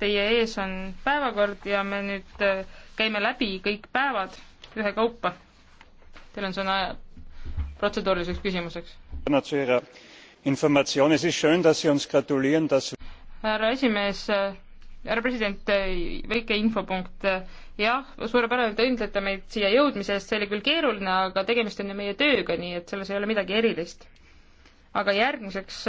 teie ees on päevakord ja me nüüd äh, käime läbi kõik päevad ühekaupa. Teil on sõna protseduuriliseks küsimuseks. härra esimees, äh, härra president, äh, väike infopunkt. jah, suurepärane, te õnnitlete meid siia jõudmise eest, see oli küll keeruline, aga tegemist on ju meie tööga, nii et selles ei ole midagi erilist. aga järgmiseks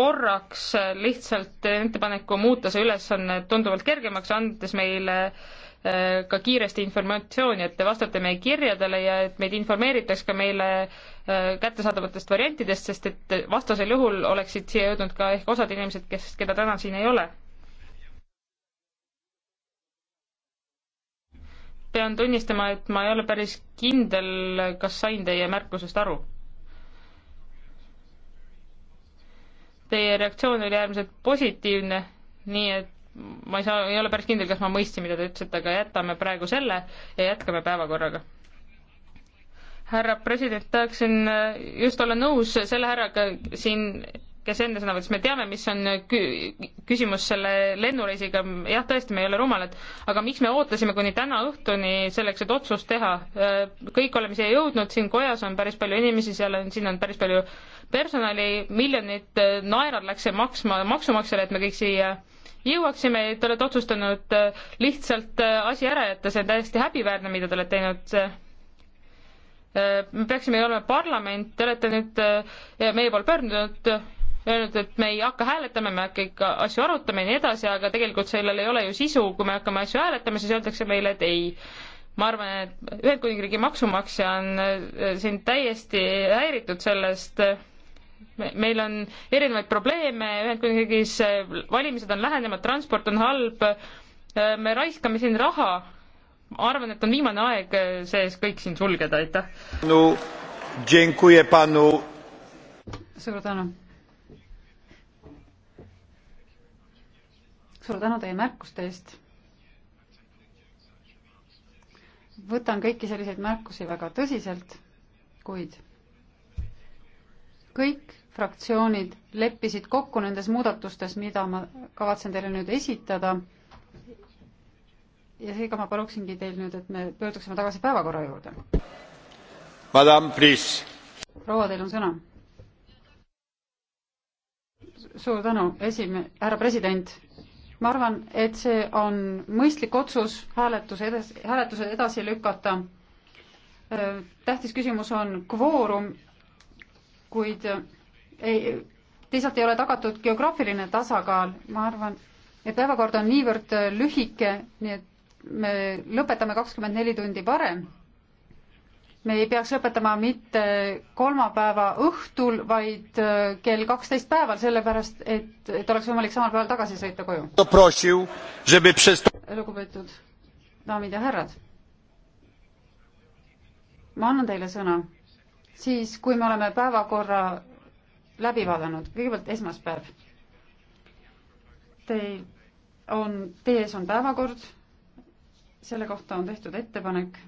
korraks lihtsalt ettepaneku muuta see ülesanne tunduvalt kergemaks, andes meile äh, ka kiiresti informatsiooni, et te vastate meie kirjadele ja et meid informeeritaks ka meile äh, kättesaadavatest variantidest, sest et vastasel juhul oleksid siia jõudnud ka ehk osad inimesed, kes, keda täna siin ei ole. pean tunnistama, et ma ei ole päris kindel, kas sain teie märkusest aru teie reaktsioon oli äärmiselt positiivne, nii et ma ei saa, ei ole päris kindel, kas ma mõistsin, mida te ütlesite, aga jätame praegu selle ja jätkame päevakorraga. härra president, tahaksin äh, just olla nõus selle härraga siin kes enne sõna võttis, me teame, mis on äh, kü-, küsimus selle lennureisiga, jah, tõesti, me ei ole rumalad, aga miks me ootasime kuni täna õhtuni selleks, et otsust teha? Äh, kõik oleme siia jõudnud, siin kojas on päris palju inimesi, seal on, siin on päris palju personali, miljonid äh, naerad läks see maksma maksumaksjale, et me kõik siia jõuaksime, te olete otsustanud lihtsalt asi ära jätta, see on täiesti häbiväärne, mida te olete teinud me peaksime olema parlament, te olete nüüd meie poole pöördunud öelnud, et me ei hakka hääletama, me kõik asju arutame ja nii edasi, aga tegelikult sellel ei ole ju sisu, kui me hakkame asju hääletama, siis öeldakse meile, et ei. ma arvan, et Ühendkuningriigi maksumaksja on äh, siin täiesti häiritud sellest, meil on erinevaid probleeme, Ühendkuningriigis äh, valimised on lähenemas, transport on halb, äh, me raiskame siin raha, ma arvan, et on viimane aeg sees kõik siin sulgeda, aitäh no,. suur tänu suur tänu teie märkuste eest. võtan kõiki selliseid märkusi väga tõsiselt, kuid kõik fraktsioonid leppisid kokku nendes muudatustes, mida ma kavatsen teile nüüd esitada. ja seega ma paluksingi teil nüüd, et me pöörduksime tagasi päevakorra juurde. proua, teil on sõna. suur tänu, esime-, härra president, ma arvan, et see on mõistlik otsus hääletuse edas, hääletuse edasi lükata. Äh, tähtis küsimus on kvoorum, kuid äh, ei, teisalt ei ole tagatud geograafiline tasakaal, ma arvan, et päevakord on niivõrd äh, lühike, nii et me lõpetame kakskümmend neli tundi varem me ei peaks lõpetama mitte kolmapäeva õhtul, vaid äh, kell kaksteist päeval, sellepärast et, et oleks võimalik samal päeval tagasi sõita koju. lugupeetud daamid ja härrad, ma annan teile sõna siis, kui me oleme päevakorra läbi vaadanud, kõigepealt esmaspäev. Teil on, teie ees on päevakord, selle kohta on tehtud ettepanek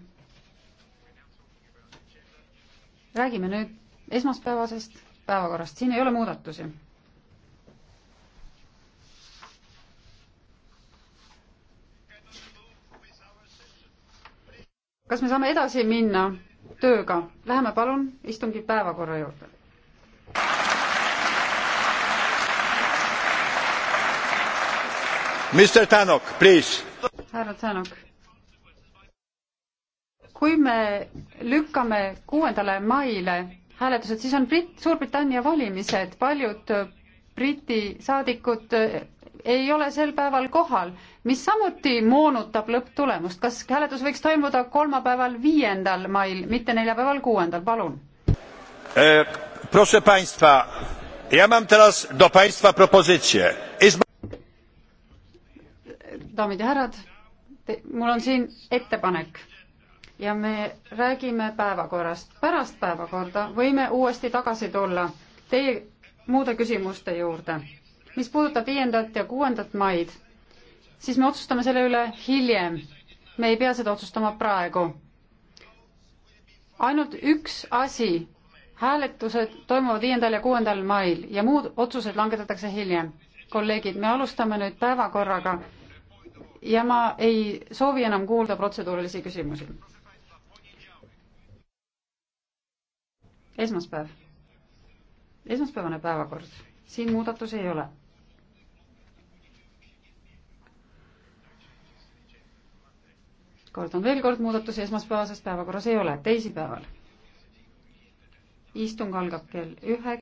räägime nüüd esmaspäevasest päevakorrast, siin ei ole muudatusi. kas me saame edasi minna tööga? Läheme palun istungi päevakorra juurde. härra Tänok, kui me lükkame kuuendale maile hääletused, siis on Brit-, Suurbritannia valimised, paljud äh, Briti saadikud äh, ei ole sel päeval kohal, mis samuti moonutab lõpptulemust. kas hääletus võiks toimuda kolmapäeval, viiendal mail, mitte neljapäeval, kuuendal, palun eh,? Proszę Państwa, ja mam teraz do Państwa propozycję Is.... daamid ja härrad, mul on siin ettepanek ja me räägime päevakorrast. pärast päevakorda võime uuesti tagasi tulla teie muude küsimuste juurde. mis puudutab viiendat ja kuuendat maid, siis me otsustame selle üle hiljem. me ei pea seda otsustama praegu. ainult üks asi, hääletused toimuvad viiendal ja kuuendal mail ja muud otsused langetatakse hiljem. kolleegid, me alustame nüüd päevakorraga ja ma ei soovi enam kuulda protseduurilisi küsimusi. esmaspäev, esmaspäevane päevakord, siin muudatusi ei ole. kordan veel kord, muudatusi esmaspäevases päevakorras ei ole, teisipäeval. istung algab kell ühe.